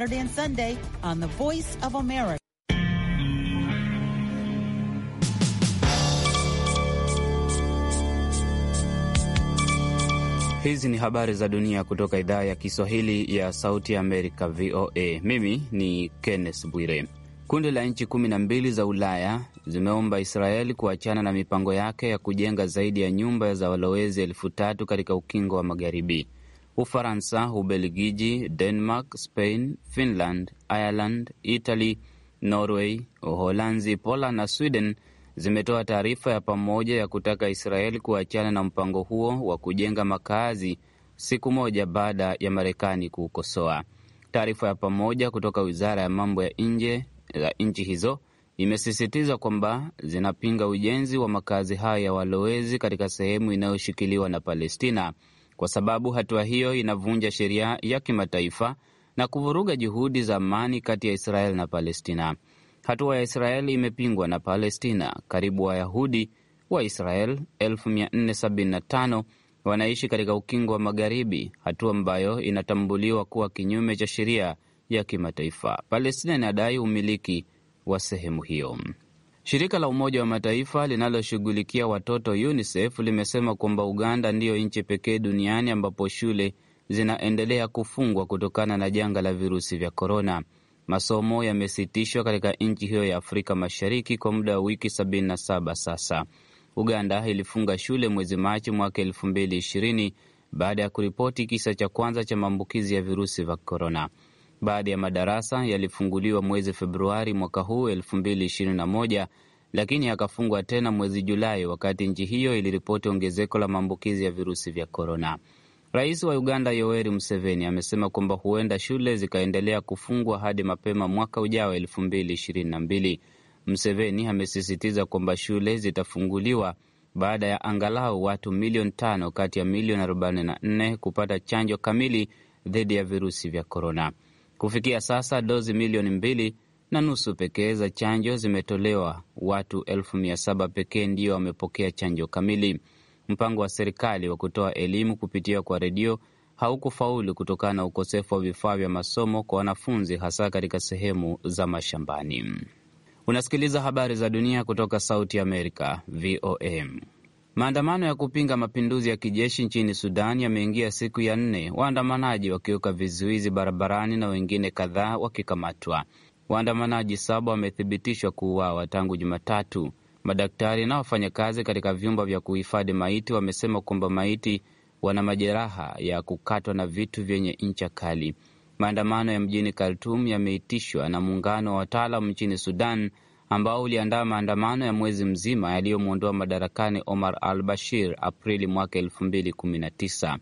Saturday and Sunday on the Voice of America. Hizi ni habari za dunia kutoka idhaa ya Kiswahili ya Sauti ya Amerika, VOA. Mimi ni Kenneth Bwire. Kundi la nchi kumi na mbili za Ulaya zimeomba Israeli kuachana na mipango yake ya kujenga zaidi ya nyumba za walowezi elfu tatu katika ukingo wa Magharibi. Ufaransa, Ubelgiji, Denmark, Spain, Finland, Ireland, Italy, Norway, Uholanzi, Poland na Sweden zimetoa taarifa ya pamoja ya kutaka Israeli kuachana na mpango huo wa kujenga makazi siku moja baada ya Marekani kuukosoa. Taarifa ya pamoja kutoka wizara ya mambo ya nje za nchi hizo imesisitiza kwamba zinapinga ujenzi wa makazi hayo ya walowezi katika sehemu inayoshikiliwa na Palestina kwa sababu hatua hiyo inavunja sheria ya kimataifa na kuvuruga juhudi za amani kati ya Israel na Palestina. Hatua ya Israel imepingwa na Palestina. Karibu Wayahudi wa Israel 1475 wanaishi katika ukingo wa Magharibi, hatua ambayo inatambuliwa kuwa kinyume cha sheria ya kimataifa. Palestina inadai umiliki wa sehemu hiyo. Shirika la Umoja wa Mataifa linaloshughulikia watoto UNICEF limesema kwamba Uganda ndiyo nchi pekee duniani ambapo shule zinaendelea kufungwa kutokana na janga la virusi vya korona. Masomo yamesitishwa katika nchi hiyo ya Afrika Mashariki kwa muda wa wiki 77 sasa. Uganda ilifunga shule mwezi Machi mwaka 2020 baada ya kuripoti kisa cha kwanza cha maambukizi ya virusi vya korona. Baadhi ya madarasa yalifunguliwa mwezi Februari mwaka huu 221 lakini yakafungwa tena mwezi Julai wakati nchi hiyo iliripoti ongezeko la maambukizi ya virusi vya korona. Rais wa Uganda Yoweri Museveni amesema kwamba huenda shule zikaendelea kufungwa hadi mapema mwaka ujao 222 mseveni Museveni amesisitiza kwamba shule zitafunguliwa baada ya angalau watu milioni tano kati ya milioni 44 kupata chanjo kamili dhidi ya virusi vya korona. Kufikia sasa dozi milioni mbili na nusu pekee za chanjo zimetolewa. Watu elfu mia saba pekee ndio wamepokea chanjo kamili. Mpango wa serikali wa kutoa elimu kupitia kwa redio haukufaulu kutokana na ukosefu wa vifaa vya masomo kwa wanafunzi, hasa katika sehemu za mashambani. Unasikiliza habari za dunia kutoka Sauti ya Amerika, VOM. Maandamano ya kupinga mapinduzi ya kijeshi nchini Sudan yameingia siku ya nne, waandamanaji wakiweka vizuizi barabarani na wengine kadhaa wakikamatwa. Waandamanaji saba wamethibitishwa kuuawa tangu Jumatatu. Madaktari na wafanyakazi katika vyumba vya kuhifadhi maiti wamesema kwamba maiti wana majeraha ya kukatwa na vitu vyenye ncha kali. Maandamano ya mjini Khartum yameitishwa na muungano wa wataalam nchini Sudan ambao uliandaa maandamano ya mwezi mzima yaliyomwondoa madarakani Omar al Bashir Aprili mwaka elfu mbili kumi na tisa.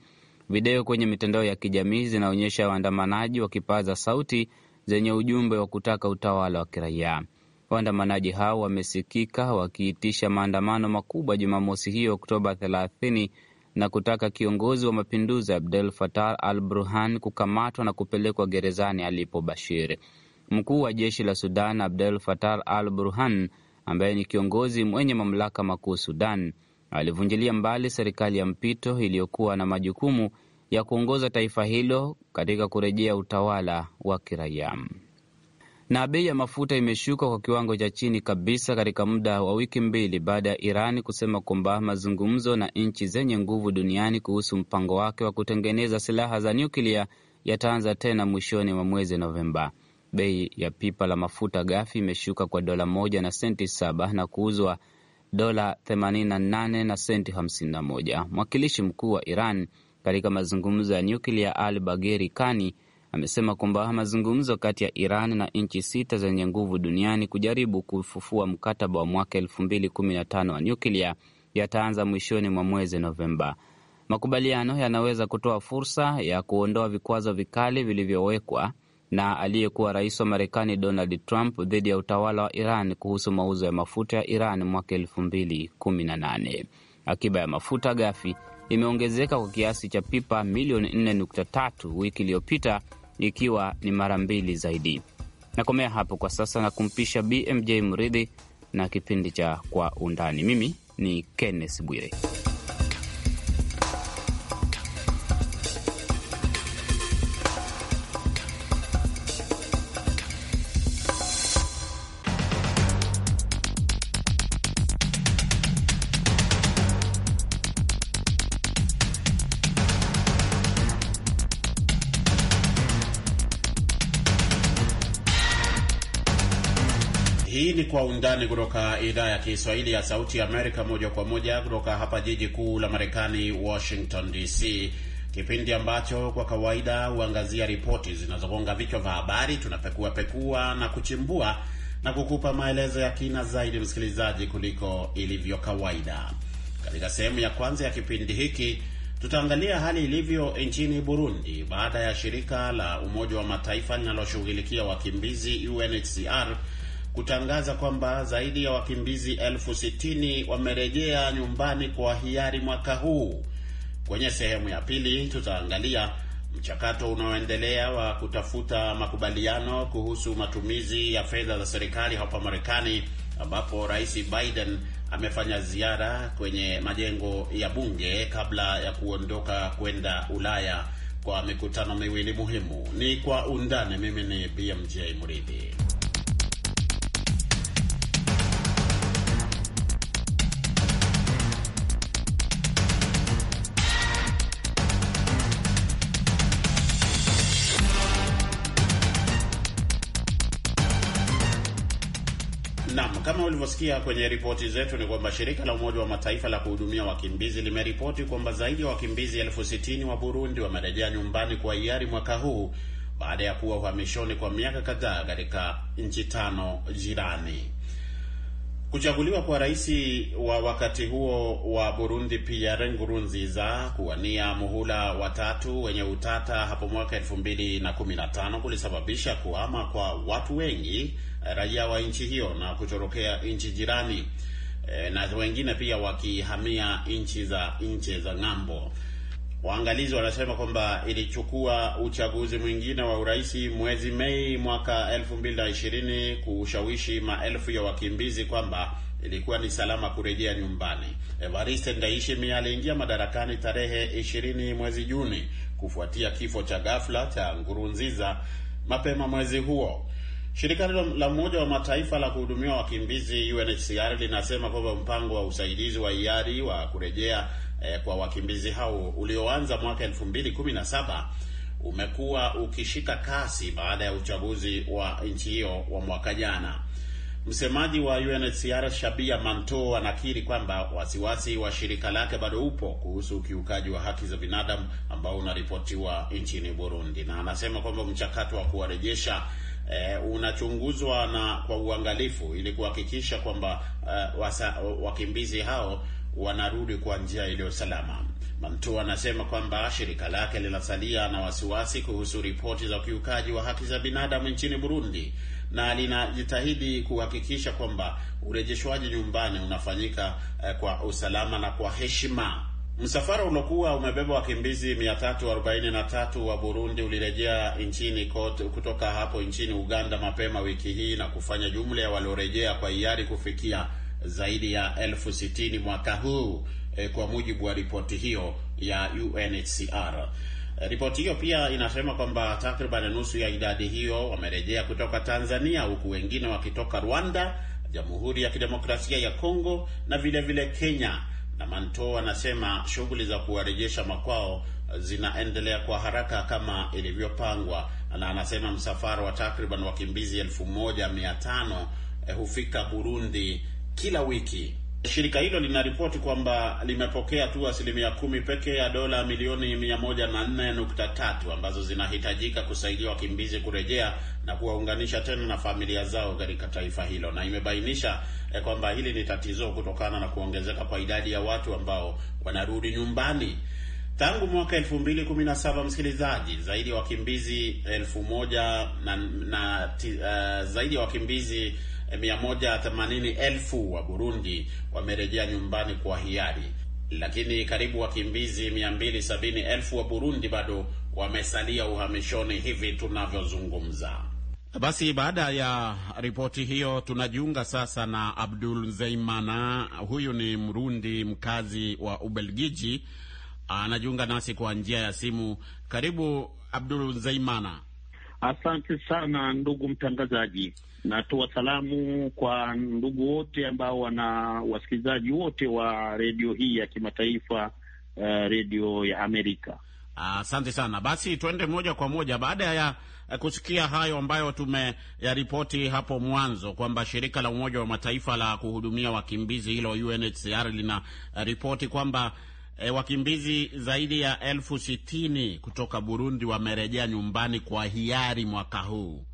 Video kwenye mitandao ya kijamii zinaonyesha waandamanaji wakipaza sauti zenye ujumbe wa kutaka utawala wa kiraia. Waandamanaji hao wamesikika wakiitisha maandamano makubwa Jumamosi hiyo Oktoba 30 na kutaka kiongozi wa mapinduzi Abdel Fattah al Burhan kukamatwa na kupelekwa gerezani alipo Bashir. Mkuu wa jeshi la Sudan Abdel Fattah al Burhan, ambaye ni kiongozi mwenye mamlaka makuu Sudan, alivunjilia mbali serikali ya mpito iliyokuwa na majukumu ya kuongoza taifa hilo katika kurejea utawala wa kiraia. Na bei ya mafuta imeshuka kwa kiwango cha chini kabisa katika muda wa wiki mbili baada ya Iran kusema kwamba mazungumzo na nchi zenye nguvu duniani kuhusu mpango wake wa kutengeneza silaha za nyuklia yataanza tena mwishoni mwa mwezi Novemba. Bei ya pipa la mafuta gafi imeshuka kwa dola moja na senti saba na kuuzwa dola 88 na senti 51. Mwakilishi mkuu wa Iran katika mazungumzo ya nyuklia Al bageri Kani amesema kwamba mazungumzo kati ya Iran na nchi sita zenye nguvu duniani kujaribu kufufua mkataba wa mwaka 2015 wa nyuklia yataanza mwishoni mwa mwezi Novemba. Makubaliano yanaweza kutoa fursa ya kuondoa vikwazo vikali vilivyowekwa na aliyekuwa rais wa Marekani Donald Trump dhidi ya utawala wa Iran kuhusu mauzo ya mafuta ya Iran mwaka elfu mbili kumi na nane. Akiba ya mafuta ghafi imeongezeka kwa kiasi cha pipa milioni 4.3 wiki iliyopita, ikiwa ni mara mbili zaidi. Nakomea hapo kwa sasa na kumpisha BMJ Mridhi na kipindi cha Kwa Undani. Mimi ni Kenneth Bwire. kwa undani kutoka idhaa ya Kiswahili ya Sauti ya Amerika, moja kwa moja kutoka hapa jiji kuu la Marekani, Washington DC, kipindi ambacho kwa kawaida huangazia ripoti zinazogonga vichwa vya habari. tunapekua pekua na kuchimbua na kukupa maelezo ya kina zaidi, msikilizaji, kuliko ilivyo kawaida. Katika sehemu ya kwanza ya kipindi hiki tutaangalia hali ilivyo nchini Burundi baada ya shirika la Umoja wa Mataifa linaloshughulikia wakimbizi UNHCR kutangaza kwamba zaidi ya wakimbizi elfu sitini wamerejea nyumbani kwa hiari mwaka huu. Kwenye sehemu ya pili tutaangalia mchakato unaoendelea wa kutafuta makubaliano kuhusu matumizi ya fedha za serikali hapa Marekani, ambapo Rais Biden amefanya ziara kwenye majengo ya bunge kabla ya kuondoka kwenda Ulaya kwa mikutano miwili muhimu. Ni kwa undani. Mimi ni BMJ Mridhi. Kama ulivyosikia kwenye ripoti zetu, ni kwamba shirika la Umoja wa Mataifa la kuhudumia wakimbizi limeripoti kwamba zaidi ya wakimbizi elfu sitini wa Burundi wamerejea nyumbani kwa hiari mwaka huu baada ya kuwa uhamishoni kwa miaka kadhaa katika nchi tano jirani. Kuchaguliwa kwa rais wa wakati huo wa Burundi Pierre Nkurunziza kuwania muhula watatu wenye utata hapo mwaka 2015 kulisababisha kuhama kwa watu wengi raia wa nchi hiyo na kutorokea nchi jirani e, na wengine pia wakihamia nchi za nchi za ng'ambo. Waangalizi wanasema kwamba ilichukua uchaguzi mwingine wa urais mwezi Mei mwaka 2020 kushawishi maelfu ya wakimbizi kwamba ilikuwa ni salama kurejea nyumbani. Evariste Ndayishimiye aliingia madarakani tarehe 20 mwezi Juni kufuatia kifo cha ghafla cha Nkurunziza mapema mwezi huo. Shirika la Umoja wa Mataifa la kuhudumia wakimbizi UNHCR linasema kwamba mpango wa usaidizi wa hiari wa kurejea eh, kwa wakimbizi hao ulioanza mwaka 2017 umekuwa ukishika kasi baada ya uchaguzi wa nchi hiyo wa mwaka jana. Msemaji wa UNHCR Shabia Manto anakiri kwamba wasiwasi wa shirika lake bado upo kuhusu ukiukaji wa haki za binadamu ambao unaripotiwa nchini Burundi, na anasema kwamba mchakato wa kuwarejesha eh, unachunguzwa na kwa uangalifu ili kuhakikisha kwamba eh, wasa, wakimbizi hao wanarudi kwa njia iliyo salama. Mamtua anasema kwamba shirika lake linasalia na wasiwasi kuhusu ripoti za ukiukaji wa haki za binadamu nchini Burundi na linajitahidi kuhakikisha kwamba urejeshwaji nyumbani unafanyika eh, kwa usalama na kwa heshima. Msafara unokuwa umebeba wakimbizi 343 wa Burundi ulirejea nchini kote kutoka hapo nchini Uganda mapema wiki hii na kufanya jumla ya waliorejea kwa hiari kufikia zaidi ya elfu sitini mwaka huu e, kwa mujibu wa ripoti hiyo ya UNHCR. Ripoti hiyo pia inasema kwamba takriban nusu ya idadi hiyo wamerejea kutoka Tanzania huku wengine wakitoka Rwanda, Jamhuri ya Kidemokrasia ya Kongo na vilevile vile Kenya na Manto anasema shughuli za kuwarejesha makwao eh, zinaendelea kwa haraka kama ilivyopangwa, na anasema msafara wa takriban wakimbizi elfu moja mia tano eh, hufika Burundi kila wiki Shirika hilo linaripoti kwamba limepokea tu asilimia kumi pekee ya dola milioni tatu ambazo zinahitajika kusaidia wakimbizi kurejea na kuwaunganisha tena na familia zao katika taifa hilo, na imebainisha eh, kwamba hili ni tatizo kutokana na kuongezeka kwa idadi ya watu ambao wanarudi nyumbani. Tangu mwaka 2017 msikilizaji, zaidi ya wakimbizi elfu moja na, na, uh, zaidi ya wakimbizi 180,000 wa Burundi wamerejea nyumbani kwa hiari, lakini karibu wakimbizi 270,000 wa Burundi bado wamesalia uhamishoni hivi tunavyozungumza. Basi baada ya ripoti hiyo, tunajiunga sasa na Abdul Zeimana. Huyu ni Mrundi mkazi wa Ubelgiji, anajiunga nasi kwa njia ya simu. Karibu Abdul Zeimana. Asante sana ndugu mtangazaji. Natoa salamu kwa ndugu wote ambao wana wasikilizaji wote wa redio hii ya kimataifa, uh, redio ya Amerika. Asante ah, sana. Basi tuende moja kwa moja baada ya kusikia hayo ambayo tumeyaripoti hapo mwanzo kwamba shirika la Umoja wa Mataifa la kuhudumia wakimbizi hilo UNHCR lina ripoti kwamba e, wakimbizi zaidi ya elfu sitini kutoka Burundi wamerejea nyumbani kwa hiari mwaka huu.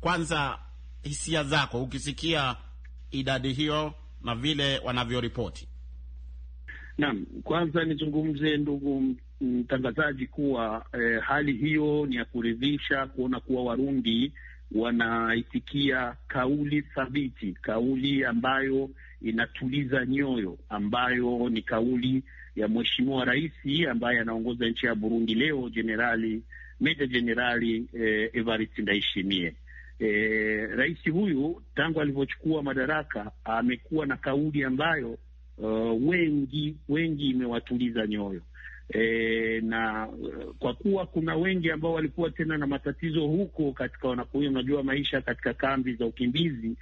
Kwanza hisia zako ukisikia idadi hiyo na vile wanavyoripoti? Naam, kwanza nizungumze ndugu mtangazaji kuwa eh, hali hiyo ni ya kuridhisha kuona kuwa Warundi wanaitikia kauli thabiti, kauli ambayo inatuliza nyoyo, ambayo ni kauli ya mheshimiwa rais ambaye anaongoza nchi ya Burundi leo, jenerali meja jenerali eh, Evariste Ndayishimiye e, rais huyu tangu alivyochukua madaraka amekuwa na kauli ambayo uh, wengi wengi imewatuliza nyoyo e, na kwa kuwa kuna wengi ambao walikuwa tena na matatizo huko katika wanakuia, unajua maisha katika kambi za ukimbizi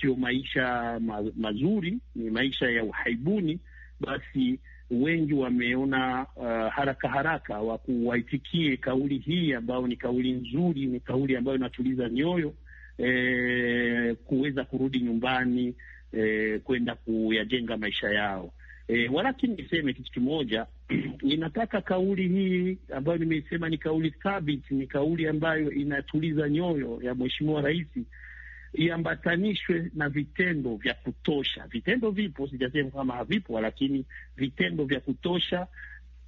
sio maisha ma, mazuri, ni maisha ya uhaibuni. Basi wengi wameona uh, haraka haraka kuwaitikie kauli hii ambayo ni kauli nzuri, ni kauli ambayo inatuliza nyoyo e, kuweza kurudi nyumbani e, kwenda kuyajenga maisha yao. E, walakini niseme kitu kimoja ninataka kauli hii ambayo nimeisema ni kauli thabiti, ni kauli ambayo inatuliza nyoyo ya Mheshimiwa Rais iambatanishwe na vitendo vya kutosha. Vitendo vipo, sijasema kama havipo, lakini vitendo vya kutosha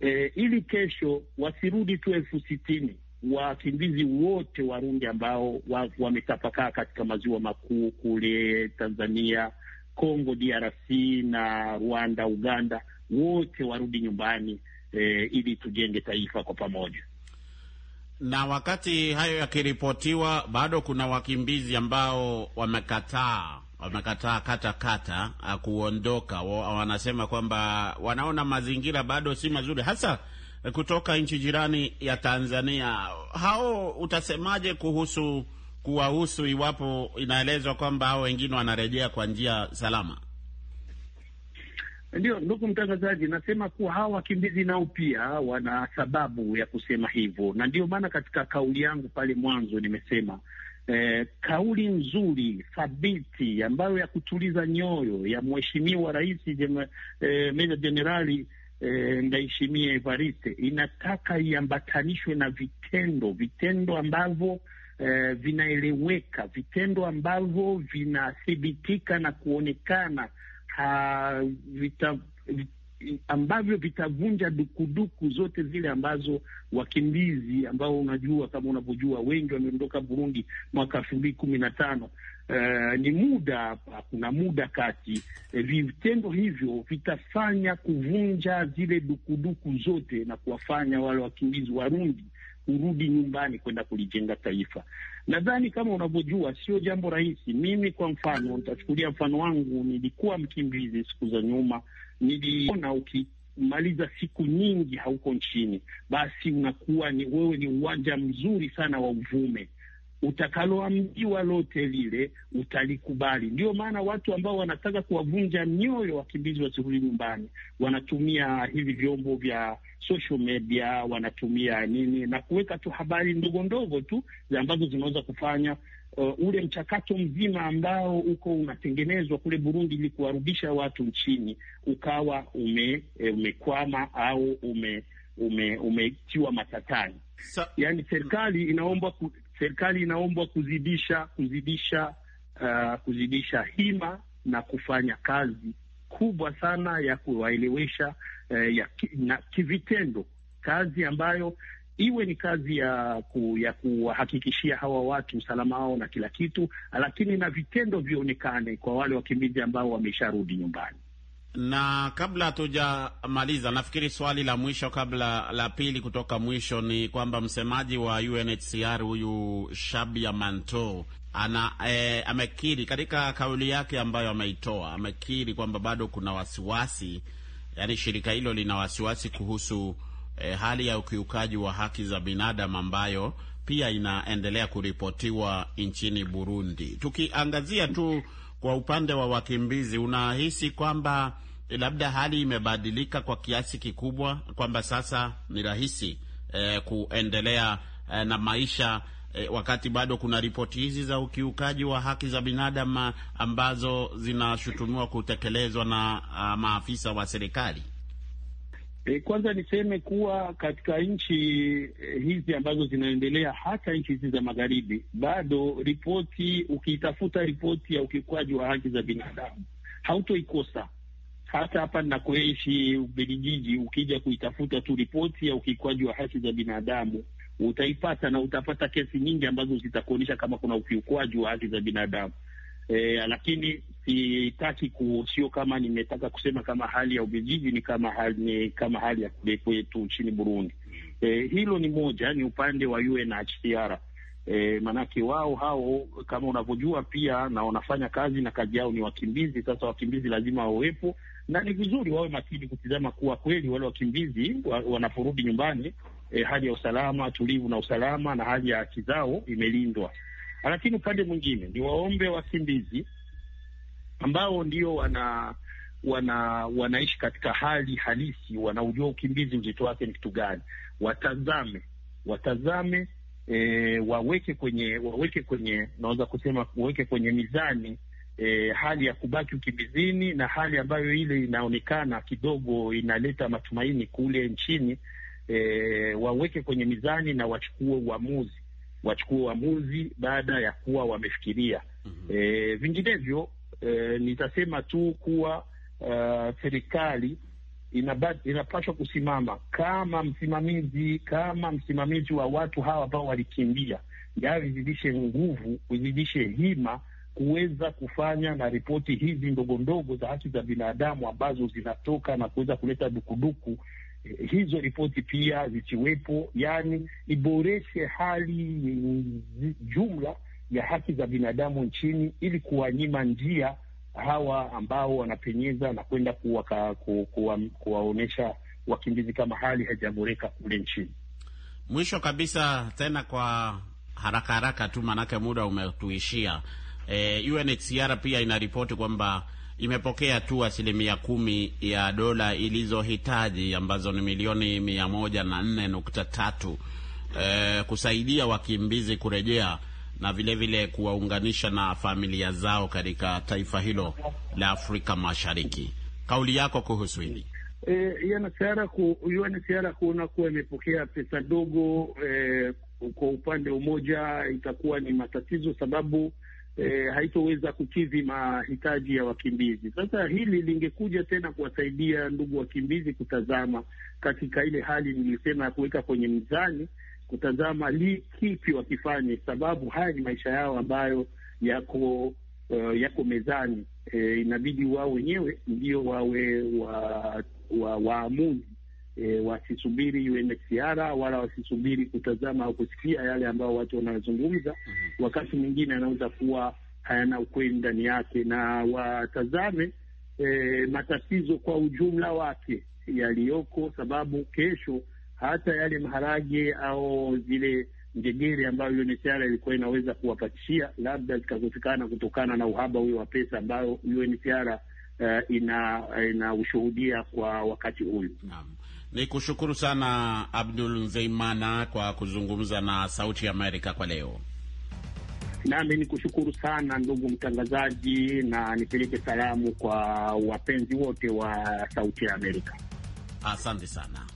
e, ili kesho wasirudi tu elfu sitini wakimbizi wote Warundi ambao wametapakaa katika maziwa makuu kule Tanzania, congo DRC na Rwanda, Uganda, wote warudi nyumbani eh, ili tujenge taifa kwa pamoja. Na wakati hayo yakiripotiwa, bado kuna wakimbizi ambao wamekataa wamekataa kata kata eh, kuondoka. Wanasema kwamba wanaona mazingira bado si mazuri hasa kutoka nchi jirani ya Tanzania. Hao utasemaje kuhusu kuwahusu, iwapo inaelezwa kwamba hao wengine wanarejea kwa njia salama? Ndio, ndugu mtangazaji, nasema kuwa hawa wakimbizi nao pia wana sababu ya kusema hivyo, na ndio maana katika kauli yangu pale mwanzo nimesema eh, kauli nzuri thabiti ambayo ya kutuliza nyoyo ya mheshimiwa Rais eh, Meja Jenerali eh, Ndayishimiye Evariste inataka iambatanishwe na vitendo, vitendo ambavyo eh, vinaeleweka, vitendo ambavyo vinathibitika na kuonekana ha, vita, vit, ambavyo vitavunja dukuduku zote zile ambazo wakimbizi ambao unajua kama unavyojua wengi wameondoka Burundi mwaka elfu mbili kumi na tano Eh, ni muda, kuna muda kati eh, vitendo hivyo vitafanya kuvunja zile dukuduku zote na kuwafanya wale wakimbizi Warundi kurudi nyumbani kwenda kulijenga taifa. Nadhani kama unavyojua, sio jambo rahisi. Mimi kwa mfano, nitachukulia mfano wangu, nilikuwa mkimbizi siku za nyuma, niliona uki maliza siku nyingi hauko nchini, basi unakuwa ni wewe ni uwanja mzuri sana wa uvume utakaloambiwa lote lile utalikubali. Ndio maana watu ambao wanataka kuwavunja mioyo wakimbizi wasirudi nyumbani wanatumia hivi vyombo vya social media, wanatumia nini na kuweka tu habari ndogo ndogo tu ambazo zinaweza kufanya uh, ule mchakato mzima ambao uko unatengenezwa kule Burundi ili kuwarudisha watu nchini ukawa ume, eh, umekwama au ume umetiwa ume matatani. Sa yani serikali inaomba ku, serikali inaombwa kuzidisha kuzidisha uh, kuzidisha hima na kufanya kazi kubwa sana ya kuwaelewesha uh, ya ki, na kivitendo, kazi ambayo iwe ni kazi ya ku, ya kuwahakikishia hawa watu usalama wao na kila kitu, lakini na vitendo vionekane kwa wale wakimbizi ambao wamesharudi nyumbani. Na kabla hatujamaliza, nafikiri swali la mwisho kabla la pili kutoka mwisho ni kwamba msemaji wa UNHCR huyu Shabia Manto ana e, amekiri katika kauli yake ambayo ameitoa, amekiri kwamba bado kuna wasiwasi, yani shirika hilo lina wasiwasi kuhusu e, hali ya ukiukaji wa haki za binadamu ambayo pia inaendelea kuripotiwa nchini Burundi. Tukiangazia tu kwa upande wa wakimbizi, unahisi kwamba eh, labda hali imebadilika kwa kiasi kikubwa, kwamba sasa ni rahisi eh, kuendelea eh, na maisha eh, wakati bado kuna ripoti hizi za ukiukaji wa haki za binadamu ah, ambazo zinashutumiwa kutekelezwa na ah, maafisa wa serikali? E, kwanza niseme kuwa katika nchi e, hizi ambazo zinaendelea hata nchi hizi za magharibi, bado ripoti, ukiitafuta ripoti ya ukiukwaji wa haki za binadamu hautoikosa. Hata hapa ninakoishi Ubelgiji, ukija kuitafuta tu ripoti ya ukiukwaji wa haki za binadamu utaipata, na utapata kesi nyingi ambazo zitakuonyesha kama kuna ukiukwaji wa haki za binadamu e, lakini sitaki sio kama nimetaka kusema kama hali ya ubijiji ni kama hali, ni kama hali ya kule kwetu nchini Burundi. E, hilo ni moja, ni upande wa UNHCR. E, maanake wao hao kama unavyojua pia na wanafanya kazi na kazi yao ni wakimbizi. Sasa wakimbizi lazima wawepo, na ni vizuri wawe makini kutizama kuwa kweli wale wakimbizi wa, wanaporudi nyumbani e, hali ya usalama tulivu na usalama na hali ya haki zao imelindwa. Lakini upande mwingine ni waombe wakimbizi ambao ndio wana wana wanaishi katika hali halisi, wanaujua ukimbizi uzito wake ni kitu gani, watazame watazame E, waweke kwenye waweke kwenye naweza kusema waweke kwenye mizani e, hali ya kubaki ukimbizini na hali ambayo ile inaonekana kidogo inaleta matumaini kule nchini e, waweke kwenye mizani na wachukue uamuzi wachukue uamuzi baada ya kuwa wamefikiria. mm -hmm. E, vinginevyo e, nitasema tu kuwa uh, serikali inapaswa kusimama kama msimamizi kama msimamizi wa watu hawa ambao walikimbia, ndio izidishe nguvu, izidishe hima kuweza kufanya na ripoti hizi ndogo ndogo za haki za binadamu ambazo zinatoka na kuweza kuleta dukuduku hizo ripoti pia zikiwepo, yani iboreshe hali jumla ya haki za binadamu nchini, ili kuwanyima njia hawa ambao wanapenyeza na kwenda kuwaonyesha ku, kuwa, wakimbizi kama hali haijaboreka kule nchini. Mwisho kabisa, tena kwa haraka haraka tu, maanake muda umetuishia. E, eh, UNHCR pia inaripoti kwamba imepokea tu asilimia kumi ya dola ilizohitaji ambazo ni milioni mia moja na nne nukta tatu e, kusaidia wakimbizi kurejea na vilevile kuwaunganisha na familia zao katika taifa hilo la Afrika Mashariki. Kauli yako kuhusu hili? Eh, UNHCR kuona kuwa imepokea pesa ndogo, e, kwa upande mmoja itakuwa ni matatizo sababu e, haitoweza kukidhi mahitaji ya wakimbizi. Sasa hili lingekuja tena kuwasaidia ndugu wakimbizi kutazama katika ile hali nilisema ya kuweka kwenye mzani, kutazama li kipi wakifanye, sababu haya ni maisha yao ambayo yako uh, yako mezani. E, inabidi wao wenyewe ndio wawe wa waamuzi e, wasisubiri UNHCR wala wasisubiri kutazama au kusikia yale ambayo watu wanazungumza. mm -hmm. Wakati mwingine anaweza kuwa hayana ukweli ndani yake, na watazame e, matatizo kwa ujumla wake yaliyoko, sababu kesho hata yale maharage au zile ngegere ambayo UNHCR ilikuwa inaweza kuwapatishia labda zikakosekana kutokana na uhaba huyo wa pesa ambayo UNHCR uh, eh, ina inaushuhudia kwa wakati huyu. Naam. Ni kushukuru sana Abdul Nzeimana kwa kuzungumza na Sauti ya Amerika kwa leo. Nami ni kushukuru sana ndugu mtangazaji, na nipeleke salamu kwa wapenzi wote wa Sauti ya Amerika. Asante sana.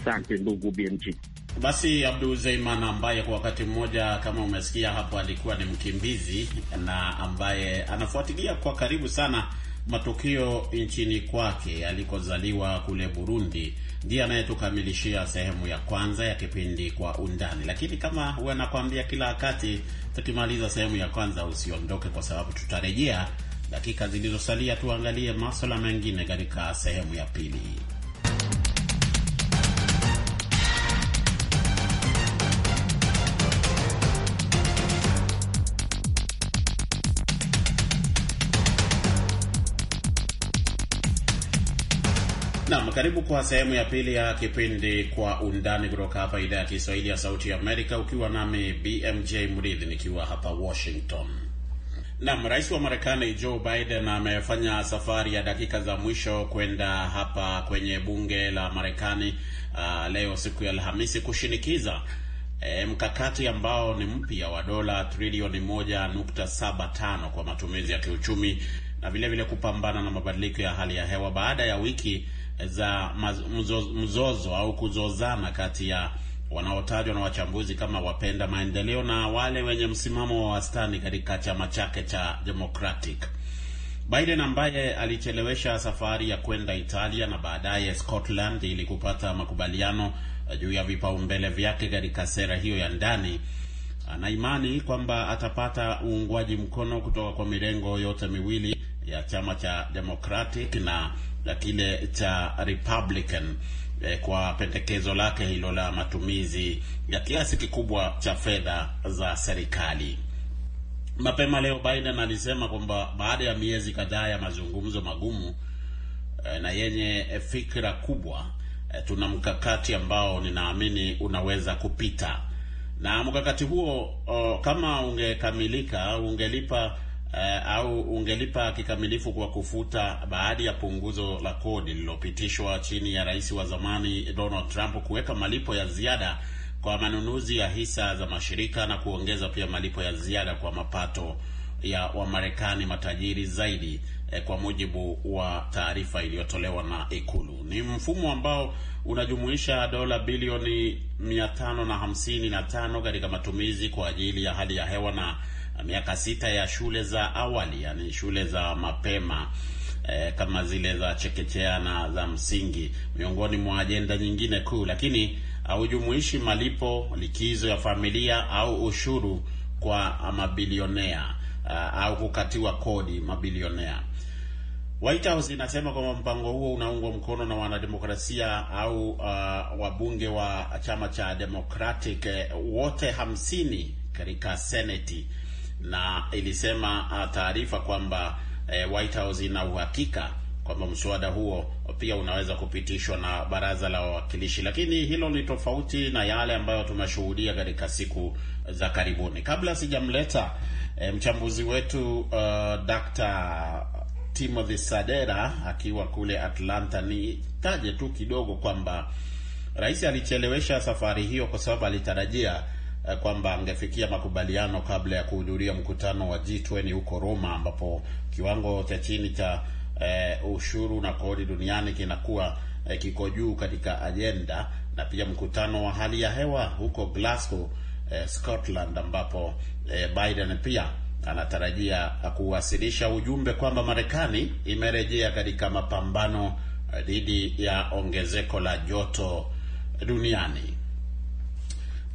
Asante ndugu BMG. Basi Abdul Zeiman ambaye kwa wakati mmoja kama umesikia hapo alikuwa ni mkimbizi na ambaye anafuatilia kwa karibu sana matukio nchini kwake alikozaliwa kule Burundi. Ndiye anayetukamilishia sehemu ya kwanza ya kipindi Kwa Undani, lakini kama huwa nakwambia kila wakati, tukimaliza sehemu ya kwanza usiondoke, kwa sababu tutarejea dakika zilizosalia tuangalie maswala mengine katika sehemu ya pili. Karibu kwa sehemu ya pili ya kipindi Kwa Undani kutoka hapa idhaa ya Kiswahili ya Sauti ya Amerika, ukiwa nami BMJ Mridhi nikiwa hapa Washington. nam rais wa Marekani Joe Biden amefanya safari ya dakika za mwisho kwenda hapa kwenye bunge la Marekani uh, leo siku ya Alhamisi kushinikiza E, mkakati ambao ni mpya wa dola trilioni 175 kwa matumizi ya kiuchumi na vilevile vile kupambana na mabadiliko ya hali ya hewa baada ya wiki za mzozo, mzozo au kuzozana kati ya wanaotajwa na wachambuzi kama wapenda maendeleo na wale wenye msimamo wa wastani katika chama chake cha Democratic. Biden ambaye alichelewesha safari ya kwenda Italia na baadaye Scotland ili kupata makubaliano eh, juu ya vipaumbele vyake katika sera hiyo ya ndani, ana imani kwamba atapata uungwaji mkono kutoka kwa mirengo yote miwili ya chama cha Democratic na kile cha Republican eh, kwa pendekezo lake hilo la matumizi ya kiasi kikubwa cha fedha za serikali. Mapema leo Biden alisema kwamba baada ya miezi kadhaa ya mazungumzo magumu eh, na yenye eh, fikra kubwa, tuna mkakati ambao ninaamini unaweza kupita, na mkakati huo o, oh, kama ungekamilika, ungelipa uh, au ungelipa kikamilifu kwa kufuta baadhi ya punguzo la kodi lililopitishwa chini ya rais wa zamani Donald Trump kuweka malipo ya ziada kwa manunuzi ya hisa za mashirika na kuongeza pia malipo ya ziada kwa mapato ya Wamarekani matajiri zaidi eh, kwa mujibu wa taarifa iliyotolewa na Ikulu. Ni mfumo ambao unajumuisha dola bilioni 555 katika matumizi kwa ajili ya hali ya hewa na miaka sita ya shule za awali, yani shule za mapema e, kama zile za chekechea na za msingi, miongoni mwa ajenda nyingine kuu, lakini haujumuishi malipo, likizo ya familia au ushuru kwa mabilionea uh, au kukatiwa kodi mabilionea. White House inasema kwamba mpango huo unaungwa mkono na wanademokrasia au uh, wabunge wa chama cha Democratic wote hamsini katika seneti na ilisema ah, taarifa kwamba eh, White House ina uhakika kwamba mswada huo pia unaweza kupitishwa na baraza la wawakilishi, lakini hilo ni tofauti na yale ambayo tumeshuhudia katika siku za karibuni. Kabla sijamleta eh, mchambuzi wetu uh, Dr. Timothy Sadera akiwa kule Atlanta, nitaje tu kidogo kwamba rais alichelewesha safari hiyo kwa sababu alitarajia Eh, kwamba angefikia makubaliano kabla ya kuhudhuria mkutano wa G20 huko Roma, ambapo kiwango cha chini cha e, ushuru na kodi duniani kinakuwa e, kiko juu katika ajenda, na pia mkutano wa hali ya hewa huko Glasgow, e, Scotland, ambapo e, Biden pia anatarajia kuwasilisha ujumbe kwamba Marekani imerejea katika mapambano dhidi ya ongezeko la joto duniani.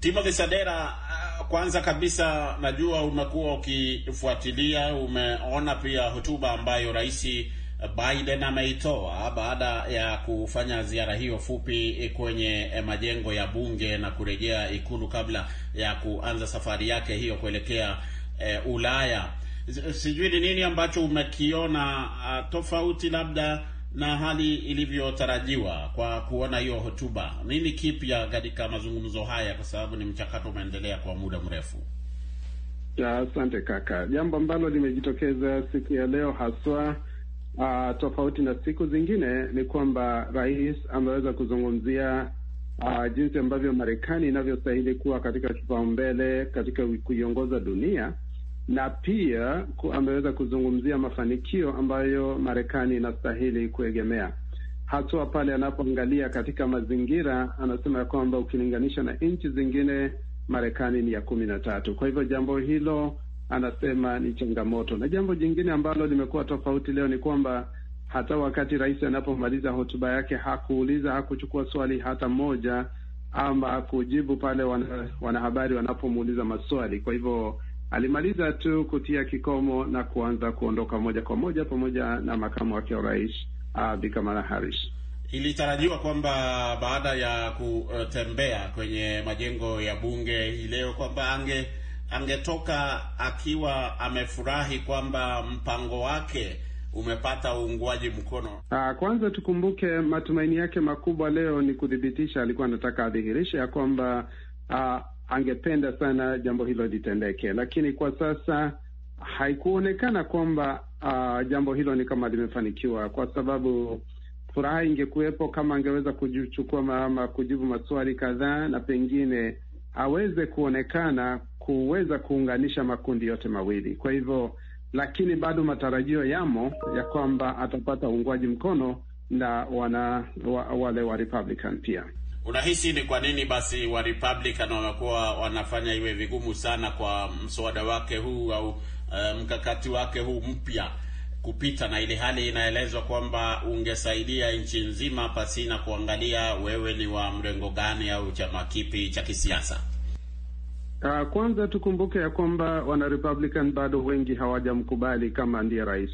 Timothy Sadera, uh, kwanza kabisa najua umekuwa ukifuatilia, umeona pia hotuba ambayo Rais Biden ameitoa baada ya kufanya ziara hiyo fupi kwenye eh, majengo ya bunge na kurejea ikulu kabla ya kuanza safari yake hiyo kuelekea e, Ulaya. Sijui ni nini ambacho umekiona uh, tofauti labda na hali ilivyotarajiwa kwa kuona hiyo hotuba. Nini kipya katika mazungumzo haya, kwa sababu ni mchakato umeendelea kwa muda mrefu? Asante kaka. Jambo ambalo limejitokeza siku ya leo haswa, uh, tofauti na siku zingine ni kwamba rais ameweza kuzungumzia uh, jinsi ambavyo Marekani inavyostahili kuwa katika kipaumbele katika kuiongoza dunia na pia ameweza kuzungumzia mafanikio ambayo Marekani inastahili kuegemea haswa pale anapoangalia katika mazingira. Anasema ya kwamba ukilinganisha na nchi zingine Marekani ni ya kumi na tatu. Kwa hivyo jambo hilo anasema ni changamoto, na jambo jingine ambalo limekuwa tofauti leo ni kwamba hata wakati rais anapomaliza hotuba yake hakuuliza, hakuchukua swali hata moja ama kujibu pale wana, wanahabari wanapomuuliza maswali. Kwa hivyo Alimaliza tu kutia kikomo na kuanza kuondoka moja kwa moja pamoja na makamu wake wa rais Bi Kamala Harris. Ilitarajiwa kwamba baada ya kutembea kwenye majengo ya bunge hii leo kwamba ange angetoka akiwa amefurahi kwamba mpango wake umepata uungwaji mkono. Aa, ah, kwanza tukumbuke matumaini yake makubwa leo ni kuthibitisha, alikuwa anataka adhihirishe ya kwamba ah, angependa sana jambo hilo litendeke, lakini kwa sasa haikuonekana kwamba uh, jambo hilo ni kama limefanikiwa, kwa sababu furaha ingekuwepo kama angeweza kuchukua ama kujibu maswali kadhaa na pengine aweze kuonekana kuweza kuunganisha makundi yote mawili. Kwa hivyo, lakini bado matarajio yamo ya kwamba atapata uungwaji mkono na wana wa, wale wa Republican pia. Unahisi ni kwa nini basi wa Republican wamekuwa wanafanya iwe vigumu sana kwa mswada wake huu au uh, mkakati wake huu mpya kupita, na ile hali inaelezwa kwamba ungesaidia nchi nzima pasina kuangalia wewe ni wa mrengo gani au chama kipi cha kisiasa? Uh, kwanza tukumbuke ya kwamba wana Republican bado wengi hawajamkubali kama ndiye rais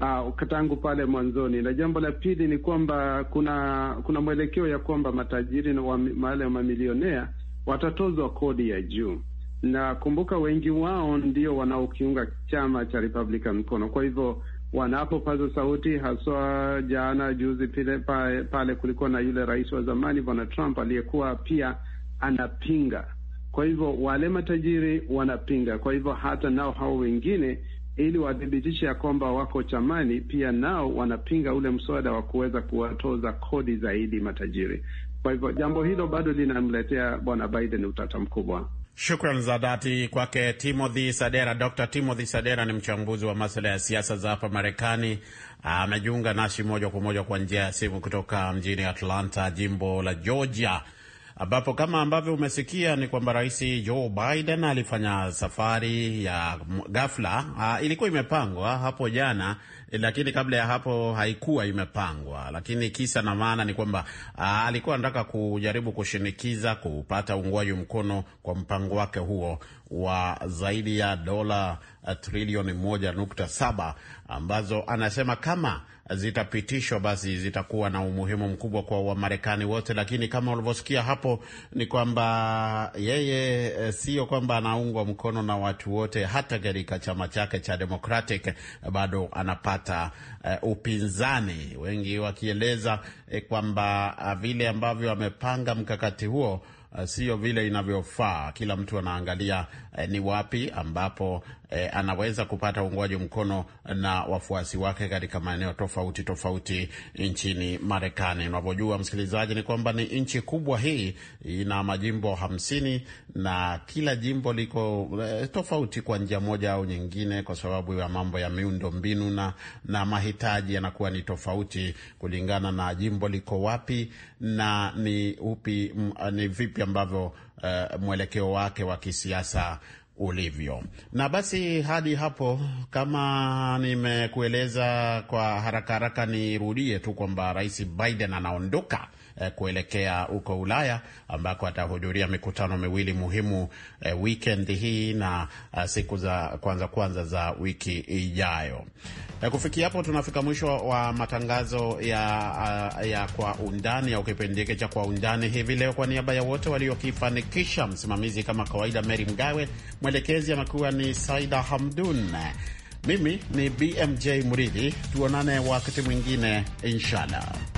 uh, ah, tangu pale mwanzoni. Na jambo la pili ni kwamba kuna kuna mwelekeo ya kwamba matajiri na wale mamilionea watatozwa kodi ya juu, na kumbuka, wengi wao ndio wanaokiunga chama cha Republican mkono. Kwa hivyo wanapopaza sauti, haswa jana juzi pile pale, pale kulikuwa na yule rais wa zamani bwana Trump aliyekuwa pia anapinga. Kwa hivyo wale matajiri wanapinga, kwa hivyo hata nao hao wengine ili wadhibitishe ya kwamba wako chamani, pia nao wanapinga ule mswada wa kuweza kuwatoza kodi zaidi matajiri. Kwa hivyo jambo hilo bado linamletea bwana Biden utata mkubwa. Shukran za dhati kwake Timothy Sadera. Dr Timothy Sadera ni mchambuzi wa masuala ya siasa za hapa Marekani. Amejiunga nasi moja kwa moja kwa njia ya simu kutoka mjini Atlanta, jimbo la Georgia ambapo kama ambavyo umesikia ni kwamba Rais Joe Biden alifanya safari ya ghafla. Uh, ilikuwa imepangwa hapo jana, lakini kabla ya hapo haikuwa imepangwa, lakini kisa na maana ni kwamba uh, alikuwa anataka kujaribu kushinikiza kupata uungwaji mkono kwa mpango wake huo wa zaidi ya dola ah, trilioni moja nukta saba ambazo anasema kama zitapitishwa, basi zitakuwa na umuhimu mkubwa kwa Wamarekani wote. Lakini kama ulivyosikia hapo, ni kwamba yeye eh, sio kwamba anaungwa mkono na watu wote, hata katika chama chake cha Democratic eh, bado anapata uh, upinzani, wengi wakieleza eh, kwamba uh, vile ambavyo amepanga mkakati huo sio vile inavyofaa. Kila mtu anaangalia eh, ni wapi ambapo eh, anaweza kupata uungwaji mkono na wafuasi wake katika maeneo tofauti tofauti nchini Marekani. Unavyojua msikilizaji, ni kwamba ni nchi kubwa hii, ina majimbo hamsini na kila jimbo liko eh, tofauti kwa njia moja au nyingine, kwa sababu ya mambo ya miundo mbinu na, na mahitaji yanakuwa ni tofauti kulingana na jimbo liko wapi na ni upi m, ni vipi ambavyo Uh, mwelekeo wake wa kisiasa ulivyo. Na basi hadi hapo, kama nimekueleza kwa haraka haraka, nirudie tu kwamba Rais Biden anaondoka eh, kuelekea huko Ulaya ambako atahudhuria mikutano miwili muhimu eh, weekend hii na eh, siku za kwanza kwanza za wiki ijayo. Eh, kufikia hapo tunafika mwisho wa matangazo ya, eh, ya kwa undani au kipindi hiki cha kwa undani hivi leo. Kwa niaba ya wote waliokifanikisha, msimamizi kama kawaida mery Mgawe, mwelekezi amekuwa ni Saida Hamdun. Mimi ni BMJ Muridhi, tuonane wakati mwingine inshallah.